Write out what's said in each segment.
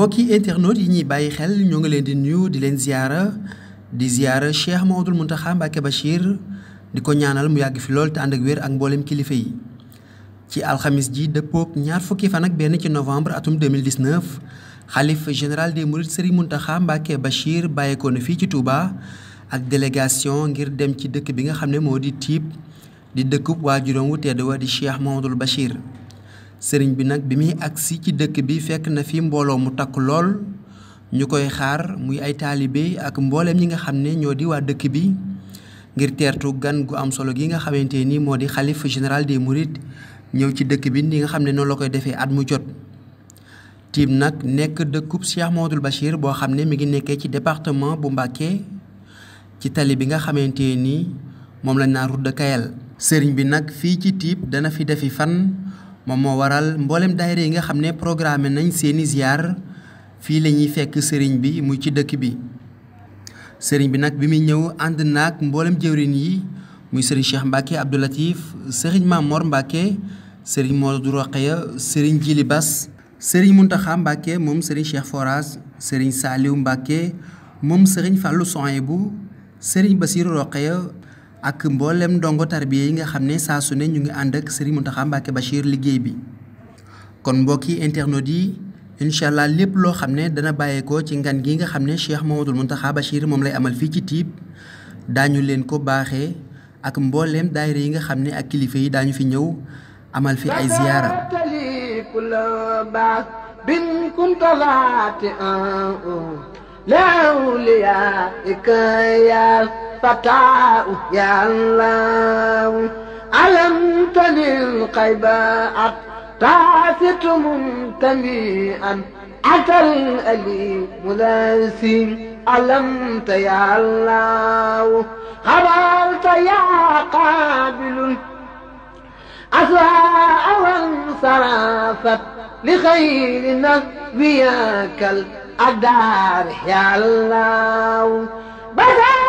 mbokki internautes yi ñuy bàyyi xel ñoo ngi leen di nuyu di leen ziyaara di ziyaara Cheikh Maodul Muntaxa Mbàkke Bachir di ko ñaanal mu yàgg fi lool te ànd ak wér ak mboolem kilifa yi ci alxamis ji dëppook ñaar fukki fan ak benn ci novembre atum 2019 xalif général des seri Serigne Muntaxa Mbàkke Bachir bàyyeekoo na fii ci Touba ak délégation ngir dem ci dëkk bi nga xam ne moo di tiib di dëkkub waajuram wu tedd di Cheikh Maodul Bachir sëriñ bi nag bi muy agsi ci dëkk bi fekk na fi mbooloo mu takk lool ñu koy xaar muy ay taalibe ak mbooleem ñi nga xam ne ñoo di waa dëkk bi ngir teertu gan gu am solo gi nga xamante ni moo di xalif général des mourides ñëw ci dëkk bi ni nga xam ne noonu la koy defee at mu jot. tiim nag nekk dëkkub Cheikh Mouhamadoul boo xam ne mi ngi nekkee ci département bu Mbacké ci tali bi nga xamante ni moom lañ naa route de sëriñ bi nag fii ci tiib dana fi defi fan. moom moo waral mboolem daayira yi nga xam ne programme nañ seeni ziar fii la ñuy fekk sëriñ bi muy ci dëkk bi sëriñ bi nag bi muy ñëw ànd naag mboolem jëwrin yi muy sëriñ Cheikh Mbacke Abdou Latif sëriñ Mamor Mbacke sëriñ Modou Roqeya sëriñ Jili Bas sëriñ Muntaxa Mbacke moom sëriñ Cheikh Forage sëriñ Saliou Mbacke moom sëriñ Fallou bu sëriñ Basiru Roqeya ak mbooleem ndongo tarbiya yi nga xam ne saa su ne ñu ngi ànd ak Serigne Mountakha Mbacké Bachir liggéey bi kon mbokki internautes yi incha allah lépp loo xam ne dana bàyyeekoo ci ngan gi nga xam ne Cheikh Mamadou Mountakha Bachir moom lay amal fii ci Typ daañu leen ko baaxee ak mbooleem daayira yi nga xam ne ak kilifa yi daañu fi ñëw amal fi ay ziyaara الفتاة يا الله ألم تنل قيباء تعثت منتميئا أتى الأليم ذاسين ألمت يا الله خبرت يا قابل أساء وانصرفت لخير نبيك الأدار يا الله بزار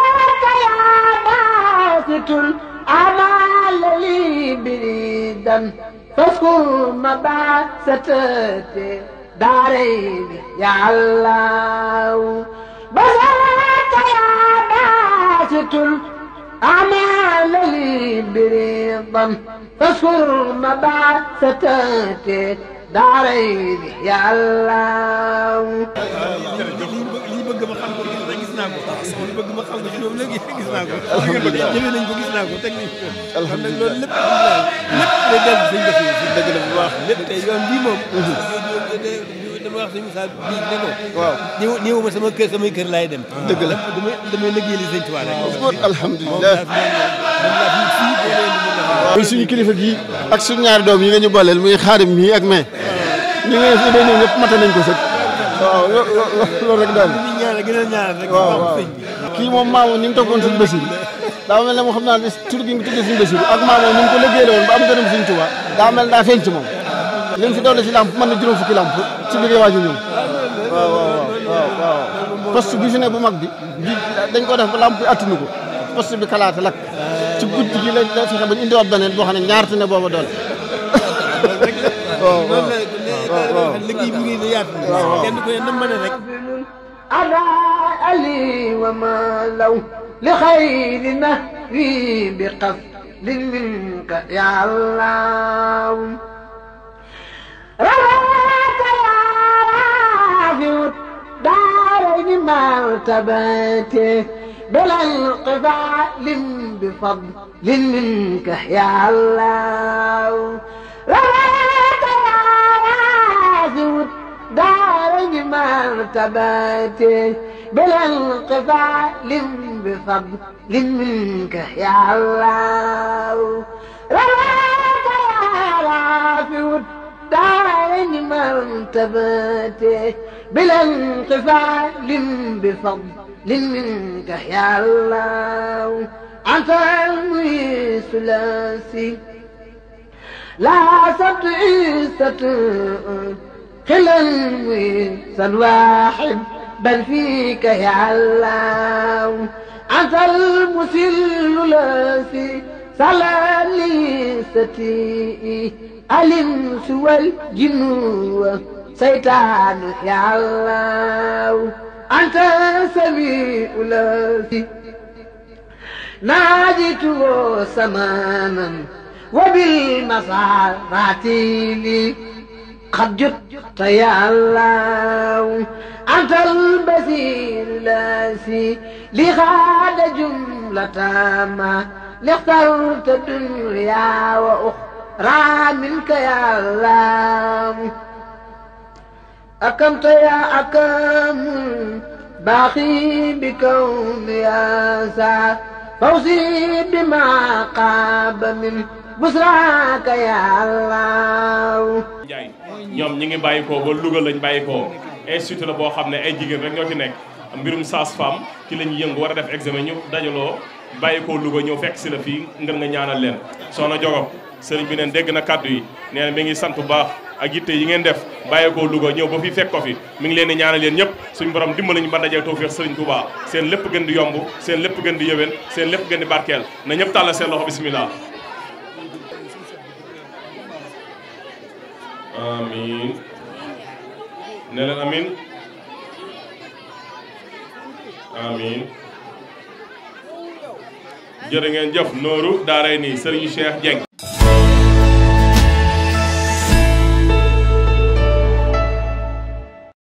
ساكت أمال لي بريدا فاذكر مبعثتي دارين يا الله بسات يا باسط الأعمال لي بريضا فاذكر مبعثتي دارين يا الله naa ko. Ah, li bëgg ma xam ko ci ñoom léegi gis naa ko. alhamdulilah jëfe nañ ko gis naa ko la bu baax mhm. sama kër samay kër laay dem. dëgg la damay damay liggéeyal sëñ Tuubaa rek. muy suñu kilifa gi ak suñu ñaari doom yi ñu booleel muy xaarim mi ak may. ñi nga fi day ñëw nañ ko sëg. waaw loolu rek daal. ñaanal gën a ñaanal rek. waaw waaw kii moom maamoon ni mu toggoon suñu Basiru daa mel ne moo xam naa ne tur gi mu tuddee suñu Basiru ak maamoon ni mu ko liggéeyal woon ba am gërëm suñu Tuubaa daa mel daa ci moom li mu fi doole ci làmp mën na juróom fukki làmp ci bi fi ne bu mag bi bi dañ ko def ba làmp bi ko poste bi kalaate lakk ci guddi gi la la fexe ba ñu indiwaat beneen boo xam ne ñaar ne booba doole a أداء لي وما لو لخير نهري بقصد منك يا الله رواك يا رافع الدارين مرتبتي بلا انقبال بفضل منك يا الله رواك مرتباته بلا انقطاع بفضل منك يا الله رواك يا رافع الدارين مرتباته بلا انقطاع بفضل منك يا الله أنت المي ثلاثي لا ستعيستك خلال وينسا واحد بل فيك يا علام عسى المسل لاسي سلالي ستي الانس والجن سيطان يا الله انت سميع لاسي ناديت سمانا وبالمصارات لي قد جئت يا الله أنت البصير الذي لغاد جملة ما لاخترت الدنيا وأخرى منك يا الله أكمت يا أكم باقي بكون يا سعد فوزي بما قاب من بصراك يا الله ñoom ñi ngi bàyyi ko ba Louga lañ bàyyi ko la boo xam ne ay jigéen rek ñoo ci nekk mbirum saas femme ci lañ yëngu war a def examen ñu dajaloo bàyyi ko Louga ñëw fekk si la fii ngeen nga ñaanal leen soxna Jogo sëriñ bi neen dégg na kàddu yi nee na mi ngi sant bu baax ak yitte yi ngeen def bàyyi ko Louga ñëw ba fi fekk ko fi mi ngi leen di ñaanal leen ñëpp suñu borom dimbali ñu ba dajee tawfeex sëriñ Touba seen lépp gën di yomb seen lépp gën di yëwén seen lépp gën di barkeel na ñëpp tàllal seen loxo amiin ne leen amiin amiin ngeen jëf nooru daaray ni Serigne Cheikh Dieng